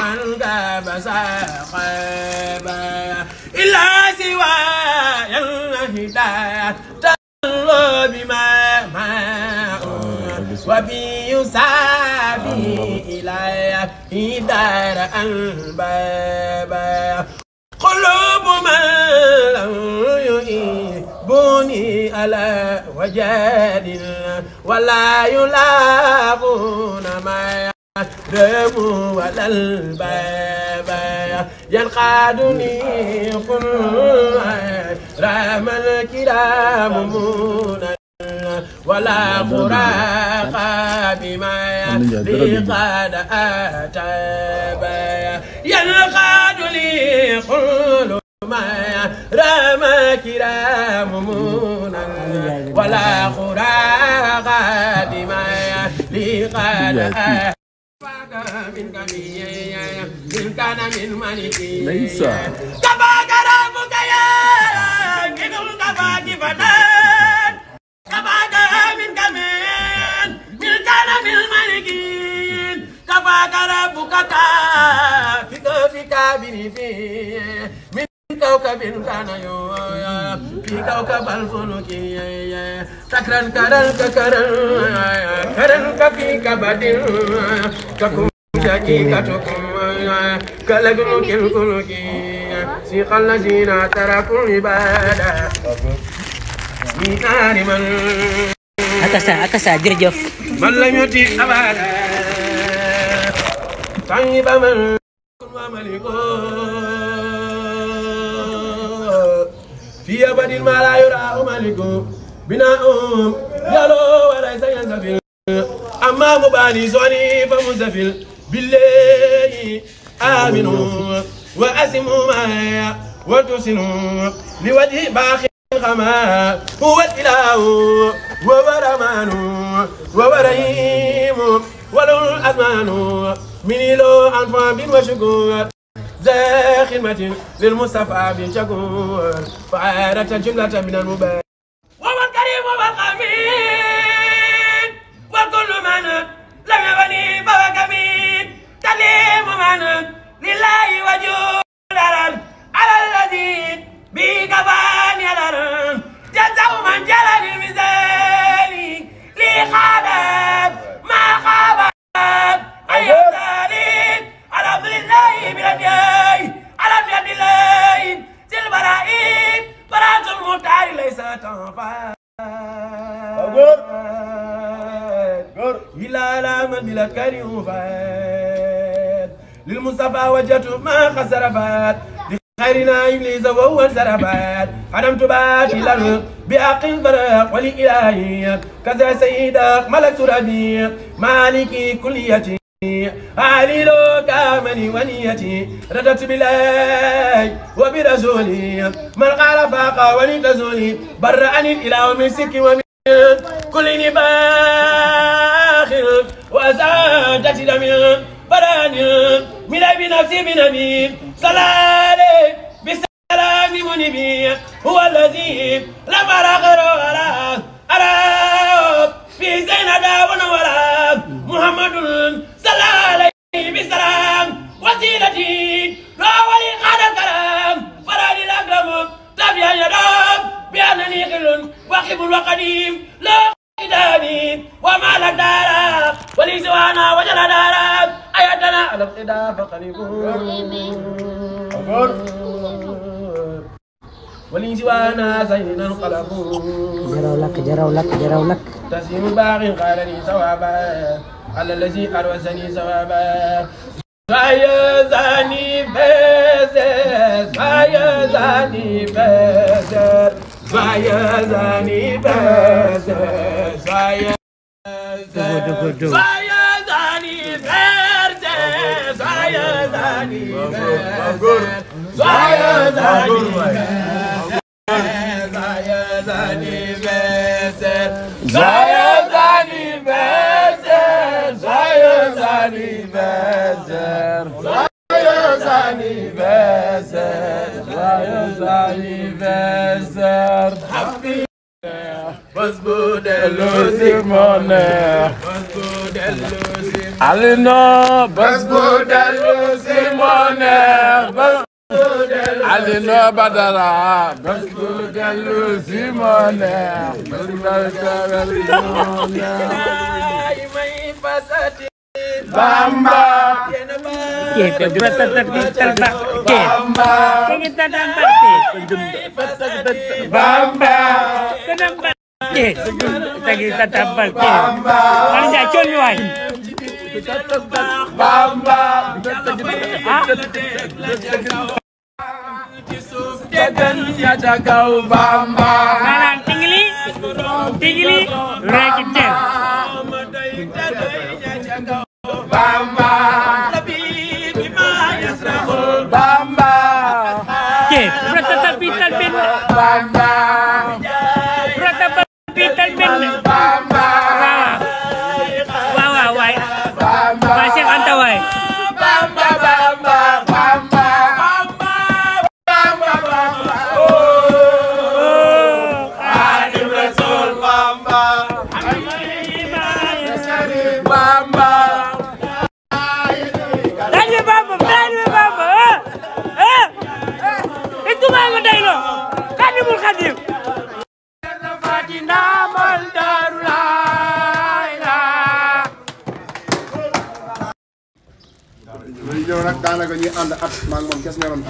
من غاب ساقبا إلا سوى الهداية تلو بما ماء وبيسافي إلى دار البابا قلوب من لم يؤيبني على وجاد ولا يلاقون ما دم ولا الباب ينقادني قل رحم الكرام مولا ولا قراق بما لقد أتاب ينقاد لي قل ما رام كرام مولا ولا قراق بما لقد أتاب كان من ملك ليس كفاك ربك يا كل كفاك فتان كفاك من كمين من كان من ملك كفاك ربك كافك في كابن فيه من كوكب كان يويا في كوكب الفلك سكرا كرل ككرل كرل كفي كبد ككم شكيكتكم كالجنوك الكنوك سيق الذين تركوا العبادة مينار من أتسع أتسع جرجف من لم يطيع أبدا طيب من وملك في أبد ما لا يرى ملك بناؤهم يلو وليس ينزفل أما مباني زوني فمزفل بالليل آمنوا وأسموا معي وتسنوا لوجه باخر غما هو الإله وهو رمان وهو رحيم وله الأزمان من له أنفع وشكور ذا خدمة للمصطفى بن شكور فعارة جملة من المبارك وهو الكريم وهو الخبير إلا لا من لك كريم فات للمصطفى وجهته ما خسر فات لخيرنا إبليس وهو سرفات حرمت بات الأرض بأق الفرق ولإلهي كذا سيدك ملك ربيق مالك كليتي علي لو كامني ونيتي ردت بلاي وبرسولي من قال فاقا ولي تزولي برأني الإله من سك ومن كل نباخ وأزادت دم براني من أبي نفسي من صلى عليه بسلام منبي هو الذي لم أرى سوانا زين القلب جروا لك جروا لك جروا لك تسليم باغ قال لي ثوابا على الذي أروسني ثوابا فيا زاني بزر فيا زاني بزر فيا زاني بزر فيا فيا زاني بزر فيا زاني بزر فيا زاني بزر César. bës bu dellu si monnaie. bës bu dellu si. Alina bës bu dellu si monnaie. bës bu dellu si. Alina Badara bës bu dellu si monnaie. bës bu dellu si monnaie. Bamba Kita betul tertembak Bamba Kita nampak Bamba Kenapa kita tampar Bamba Mana cun luan Bamba dan ah. tiada kau bamba Kanan tinggi Tinggi Rekit Bamba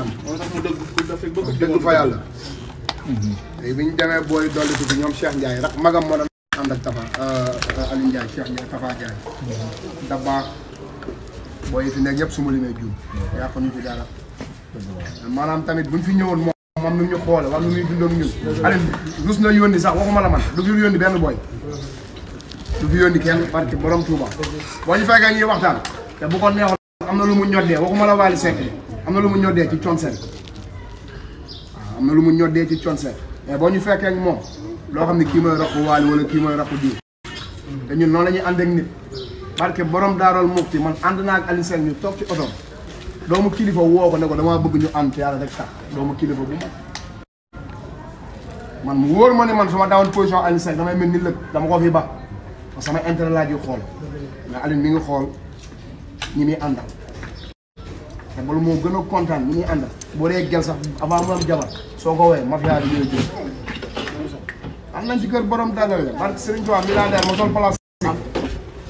am. moo tax mu dëgg ku dëgg fa yàlla. tey bi ñu demee booy dolli ci ñoom Cheikh njaay rak magam moo doon ànd ak Tafa euh, Aliou Ndiaye Cheikh Ndiaye Tafa Ndiaye. fi nekk ñëpp su ma limee juum. yàq ñu ci dara. maanaam buñ fi ñëwoon moom. man nu ñu xoole wala nu muy dundoon ñun. Aliou rus na yónni sax waxuma la man du fi yónni benn booy. du fi yónni kenn barke borom Touba. boo ñu fekkee ñuy waxtaan te bu ko neexoon am na lu mu ñoddee waxuma la Waly Seck am na lu mu ñoddee ci Thione Seck waaw am na lu mu ñoddee ci Thione mais boo ñu fekkee moom loo xam ne kii mooy rax waali wala kii mooy raqu diw dañu ñun noonu la ñuy ànd ak nit parce que borom daarool mukti man ànd naa ak Alioune toog ci oto doomu kilifa woo ko ne ko damaa bëgg ñu ànd yàlla rek tax doomu kilifa bu mag man mu wóor ma ne man su ma daawoon position damay mel ni lëg dama ko fi ba parce que sama intérêt laa ji mi ngi xool ñi muy àndal te loolu moo gën a kontaan ni ñuy ànd boo dee gel sax avant mu am jabar soo ko woowee a bi ñooy jël am nañ ci kër borom dalal la barke Serigne Touba milliardaire ma sol place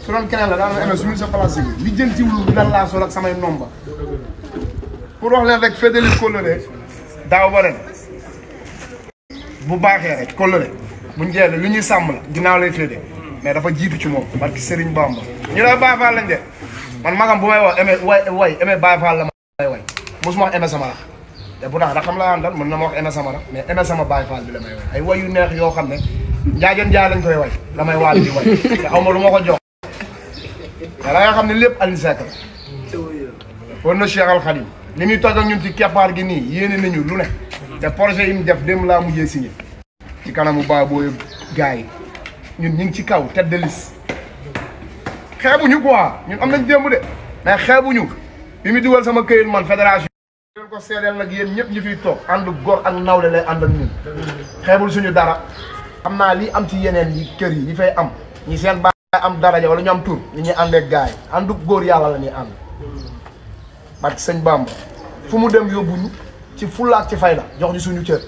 su doon keneen la daana amee sa place bi li jël ci wul lan samay nomba pour wax leen rek fédélis kóllëre daaw ba ren bu baaxee rek kóllëre buñ jeex lu ñuy sàmm la ginnaaw lay féede mais dafa jiitu ci moom barke Serigne Bamba ñu la Baay Faal lañ de man magam bu may wax amee way way amee Baay Faal la mosuma wax sama Samara te bu tax raxam laa àndal mën na ma wax Aimé Samara mais Aimé Sama Baye Fall bi la may way yu neex yoo xam ne njaajoon njaay lañ koy way la may waal di way te xaw ma lu ma ko jox da nga xam ne lépp Alioune Seck la na Cheikh Al Khadim li muy ci keppaar gi nii yéene nañu lu ne te projet yi mu def démb laa mujjee signé ci kanamu ba booy gars yi ñun ñu ngi ci kaw tête de liste xeebuñu quoi ñun am nañ démb de mais xeebuñu bi mu dugal sama këyit man fédération ko seedeel nag yéen ñëpp ñu fiy toog àndu góor ak nawle lay ànd ak ñun xeebul suñu dara xam li am ci yeneen yi kër yi fay am ñi seen baay am daraja wala ñu am tur ñu ñuy àndee gaay àndu góor yàlla la ñuy ànd barke sëñ Bamba fu mu dem yóbbuñu ci fulaak ci fayda jox ñu suñu cër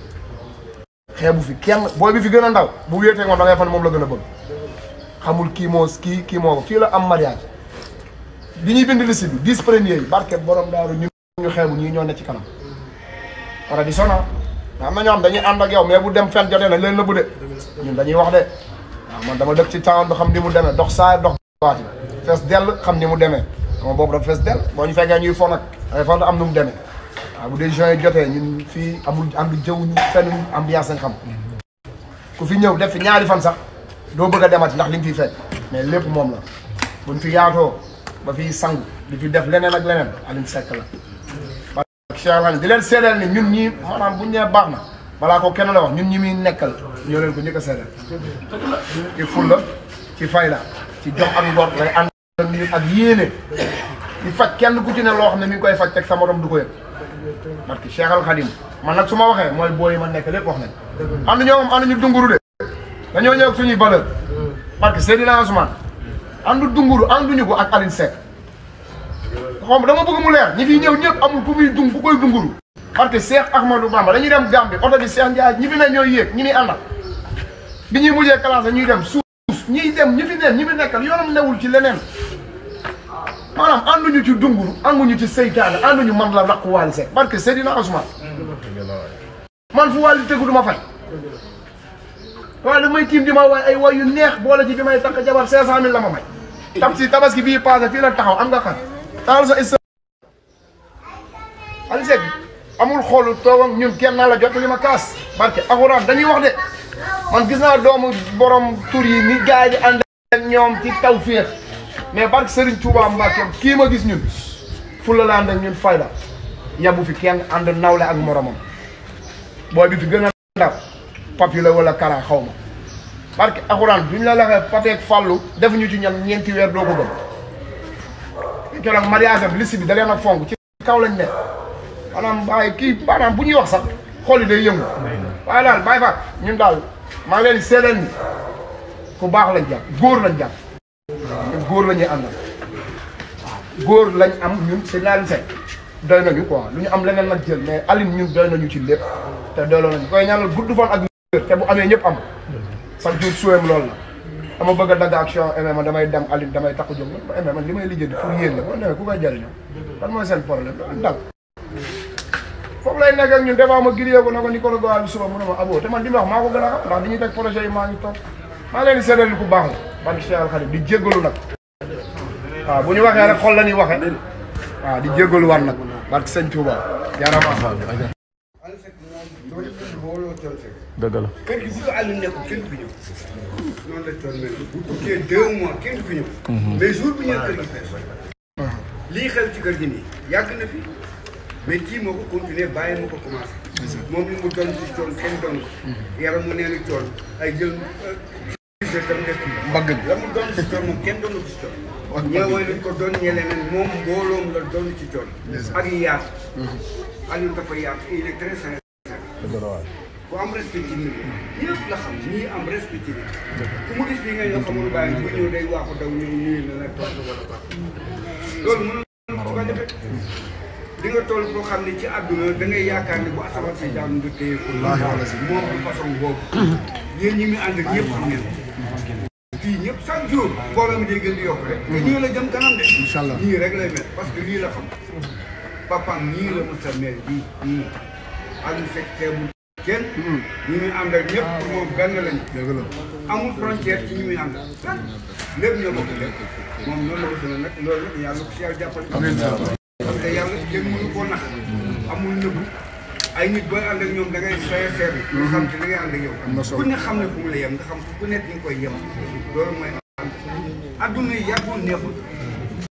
xeebu fi kenn booy bi fi gën ndaw bu wéetee moom da ngay fan moom la gën bëgg xamul kii moo kii kii moo ko la am mariage bi ñuy bind liste bi dix premiers yi barke borom daaru ñu xeebu ñuy ñoo ne ci kanam wala di sono ah, am na ñoo xam dañuy ànd ak yow mais bu dem fen jotee nañ leen bu de ñun dañuy wax de waaw ah, man dama dëkk ci town bi xam ni mu demee dox saa dox waati fees xam ni mu demee sama boobu dafa fees dell boo ñu fekkee ñuy fo nag dafay far am nu mu deme waaw ah, bu dee juin jotee ñun fii amul ànd jëwuñu fennuñ ambiance lañ xam ku fi ñëw def fi ñaari fan sax doo bëgg a demati ndax li nga fiy fekk mais lépp moom la buñ fi yaatoo ba fi sang di fi def leneen ak leneen Alioune Seck Cheikh Alhaaji di leen seedeel ni ñun ñi maanaam bu ñu nee baax na balaa ko kenn la wax ñun ñi muy nekkal ñoo leen ko njëkk a seedeel ci fulla ci fayda ci jox ak ngor day ànd ak yéene di faj kenn ku ci ne loo xam ne mi koy faj teg sa morom du ko yëg parce que Cheikh Al Khadim nag su ma waxee mooy booy ma nekk lépp wax nañ am na ñoo moom am nañu dunguru de dañoo ñëw ak suñuy valeur parce que Seydina Ousmane andu dunguru anduñu ko ak Aline Seck xom dama bëgg mu leer ñi fi ñëw ñëpp amul ku muy dung ku koy dunguru parce que Cheikh Ahmadou Bamba dañuy dem Gambie oto bi Cheikh Ndiaye ñi fi ne ñooy yéeg ñi muy àndal bi ñuy mujjee classé ñuy dem suuf ñiy dem ñi fi ne ñi fi nekkal yoonam newul ci leneen maanaam ànduñu ci dunguru ànduñu ci seytaane ànduñu man la raq Wally Seck parce que Seydina Ousmane man fu Wally tëggu du ma fay waaye damay tiim di ma waay ay waay yu neex boole ci bi may takk jabar cinq cent mille la ma may tam si tabaski bii passé fii la taxaw am nga xar taal sa Insta. Alioune amul xool toogam ñun kenn naa la jot li ma kaas barke alxuraan dañuy wax de man gis naa doomu borom tur yi ni gaa yi di ànd ñoom ci taw féex mais barke Serigne Touba Mbacke kii ma gis ñun fulla la ànd ak ñun fayda yabu fi kenn ànd nawle ak moromam booy bi fi gën a ndaw papi la wala kara xaw ma barke alxuraan duñ la laxee pateek def ñu ci ñam ñeenti weer doo ko gëm keroog mariage am liste bi da leen a fonk ci kaw lañ ne maanaam waaye kii maanaam bu ñuy wax sax xool yi day yëngu waaye daal bàyyi faat ñun daal maa ngi leen di seedeel ni ku baax lañ jàpp góor lañ jàpp ñun góor la ñuy àndal waaw góor lañ am ñun seen naan seen doy nañu quoi lu am leneen nag jël mais Aline ñun doy nañu ci lépp te doyloo nañu koy ñaanal gudd fan ak te bu amee ñëpp am sax jur suweem loolu la dama bëgg a dagg action MMA damay dem alit damay takku jóg MMA li may lijjanti pour yéen la boo demee ku koy jëriñoo lan mooy seen problème dal foofu lay nekk ñun des fois ma giriyee ko na ko ni ko bi suba mu ne ma aboo te man li ma wax maa ko gën a xam ndax dañuy teg projet yi maa ngi toog maa leen di seedal ku baax la barke Cheikh Al Khadim di jéggalu nag waaw bu ñu waxee rek xol la ñuy waxee waaw di jéggalu war nag barke sëñ Touba yaram dëgg la kër gi bu ko àll nekkul kenn fi ñëw. noonu la toll mel bu tukkee mhm. ñëw. kër gi fees. lii xew ci kër gi nii yàgg na fi mais kii moo ko continué bàyyi moo ko commencé. moom li mu doon ci coon kenn doon ko. Mhm. yaram mu neenu coon doonu ci coon. ñeewee lañ ko doon ñe leneen moom mbooloom la doon ci coon. ak yaatu. Mhm. Aliou dafa yaatu il Papa am respect ci la xam sa mel parce que ak fekk teebul kenn. Hmm. ñi muy àndal ñëpp ah, moom benn lañu. dëgg la amul frontière ci ñi muy àndal. Hmm. lépp ñoo bokk lépp moom noonu la ko sonal nag loolu nag yàlla ko si yàlla jàppale. amiin parce que yàlla kenn mënu koo nax. Hmm. amul nëbbu ay nit booy ànd ak ñoom da ngay soye seer bi. nga xam te li ngay ànd ak yow. ku ne xam ne fu mu la yem nga xam ku nekk ñu koy yem. loolu mooy ànd adduna yàggul neexul.